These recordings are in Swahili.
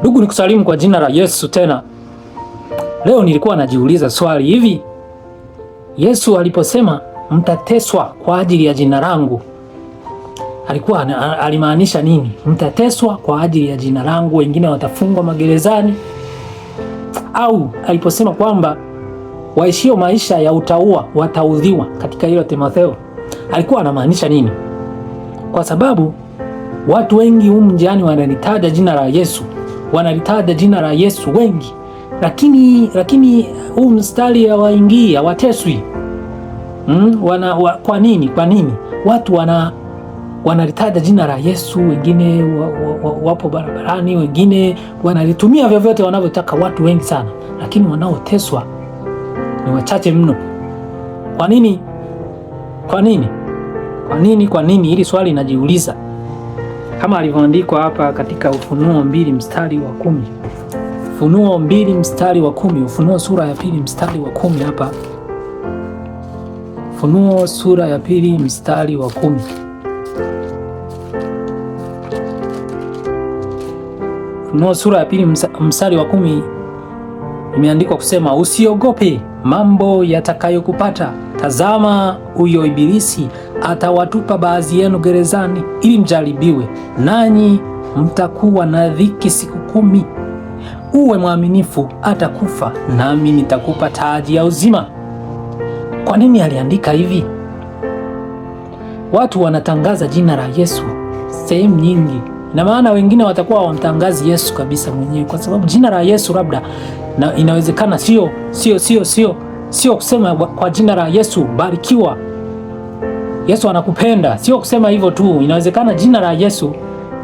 Ndugu, nikusalimu kwa jina la Yesu. Tena leo nilikuwa najiuliza swali hivi, Yesu aliposema mtateswa kwa ajili ya jina langu alikuwa alimaanisha nini? Mtateswa kwa ajili ya jina langu, wengine watafungwa magerezani, au aliposema kwamba waishio maisha ya utaua wataudhiwa katika hilo Timotheo, alikuwa anamaanisha nini? Kwa sababu watu wengi humu mjani wananitaja jina la Yesu wanalitaja jina la Yesu wengi, lakini lakini huu mstari hawaingii, hawateswi. Mm, wana, wa, kwa nini? Kwa nini watu wana wanalitaja jina la Yesu, wengine wa, wa, wa, wapo barabarani, wengine wanalitumia vyovyote wanavyotaka, watu wengi sana, lakini wanaoteswa ni wachache mno. Kwa nini? Kwa nini? Kwa nini? Kwa nini? Hili swali najiuliza kama alivyoandikwa hapa katika Ufunuo mbili mstari wa kumi. Ufunuo mbili mstari wa kumi. Ufunuo sura ya pili mstari wa kumi hapa. Ufunuo sura ya pili mstari wa kumi. Ufunuo sura ya pili mstari wa kumi imeandikwa kusema, usiogope mambo yatakayokupata, tazama huyo ibilisi atawatupa baadhi yenu gerezani ili mjaribiwe, nanyi mtakuwa na dhiki siku kumi. Uwe mwaminifu hata kufa, nami nitakupa taji ya uzima. Kwa nini aliandika hivi? Watu wanatangaza jina la Yesu sehemu nyingi, na maana wengine watakuwa wamtangazi Yesu kabisa mwenyewe, kwa sababu jina la Yesu labda na inawezekana sio sio sio sio sio kusema kwa jina la Yesu barikiwa Yesu anakupenda, sio kusema hivyo tu. Inawezekana jina la Yesu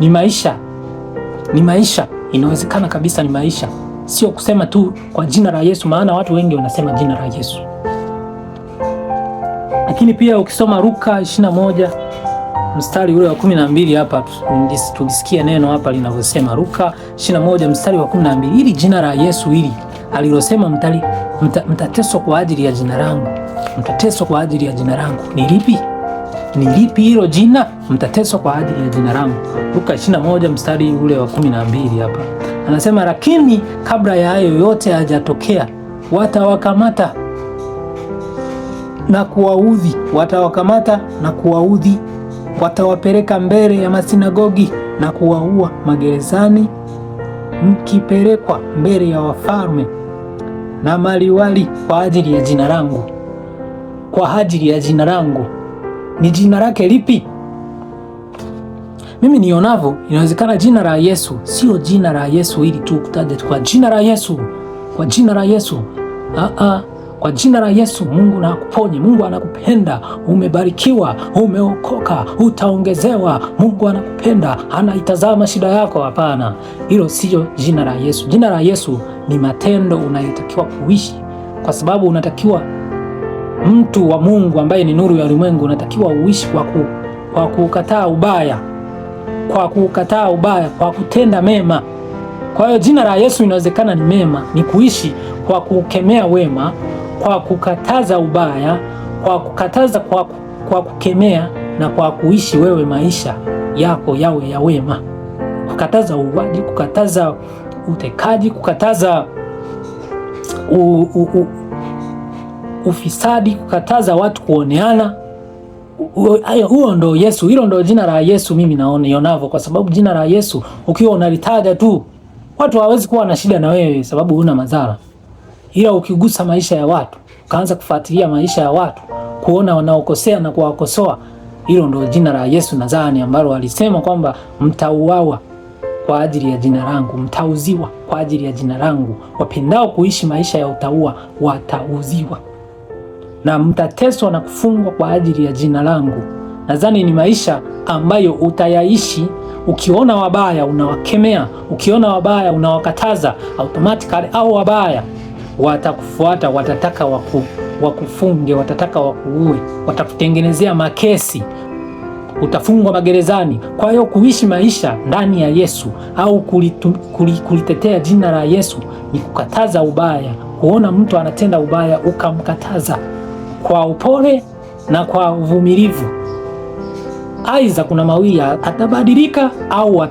ni maisha, ni maisha. Inawezekana kabisa ni maisha, sio kusema tu kwa jina la Yesu, maana watu wengi wanasema jina la Yesu. Lakini pia ukisoma Luka 21 mstari ule wa 12, hapa tulisikia neno hapa linavyosema, Luka 21 mstari wa 12, ili jina la Yesu hili alilosema mtateswa mta kwa ajili ya jina langu, mtateswa kwa ajili ya jina langu ni lipi? ni lipi hilo jina? Mtateswa kwa ajili ya jina langu. Luka 21 mstari ule wa 12 hapa anasema, lakini kabla ya hayo yote hajatokea, watawakamata na kuwaudhi, watawakamata na kuwaudhi, watawapeleka mbele ya masinagogi na kuwaua magerezani, mkipelekwa mbele ya wafalme na maliwali kwa ajili ya jina langu, kwa ajili ya jina langu ni jina lake lipi? Mimi nionavyo, inawezekana jina la Yesu sio jina la Yesu ili tu kutaja kwa jina la Yesu, kwa jina la Yesu a ah, a, ah. kwa jina la Yesu Mungu na akuponye. Mungu anakupenda, umebarikiwa, umeokoka, utaongezewa. Mungu anakupenda, anaitazama shida yako. Hapana, hilo sio jina la Yesu. Jina la Yesu ni matendo unayotakiwa kuishi, kwa sababu unatakiwa mtu wa Mungu ambaye ni nuru ya ulimwengu unatakiwa uishi kwa, ku, kwa kukataa ubaya, kwa kukataa ubaya, kwa kutenda mema. Kwa hiyo jina la Yesu inawezekana ni mema, ni kuishi kwa kukemea wema, kwa kukataza ubaya, kwa kukataza, kwa, kwa kukemea na kwa kuishi wewe maisha yako yawe ya wema, kukataza uuaji, kukataza utekaji, kukataza u, u, u, ufisadi, kukataza watu kuoneana. Huo ndo Yesu, hilo ndo jina la Yesu mimi naona ionavyo, kwa sababu jina la Yesu ukiwa unalitaja tu watu hawawezi kuwa na shida na wewe, sababu huna madhara, ila ukigusa maisha ya watu ukaanza kufuatilia maisha ya watu kuona wanaokosea na kuwakosoa, hilo ndo jina la Yesu nadhani, ambalo alisema kwamba mtauawa kwa ajili ya jina langu, mtauziwa kwa ajili ya jina langu. Wapendao kuishi maisha ya utaua watauziwa na mtateswa na kufungwa kwa ajili ya jina langu. Nadhani ni maisha ambayo utayaishi. Ukiona wabaya unawakemea, ukiona wabaya unawakataza, automatically au wabaya watakufuata, watataka waku, wakufunge, watataka wakuue, watakutengenezea makesi, utafungwa magerezani. Kwa hiyo kuishi maisha ndani ya Yesu au kulitu, kulitetea jina la Yesu ni kukataza ubaya. Kuona mtu anatenda ubaya ukamkataza kwa upole na kwa uvumilivu. Aidha, kuna mawili, atabadilika au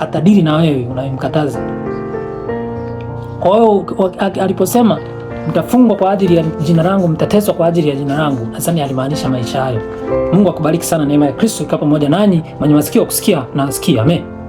atadili na wewe unayemkataza. Kwa hiyo aliposema mtafungwa kwa ajili ya jina langu, mtateswa kwa ajili ya jina langu, nadhani alimaanisha maisha hayo. Mungu akubariki sana, neema ya Kristo ikawa pamoja nanyi. Mwenye masikio kusikia na asikie. Amen.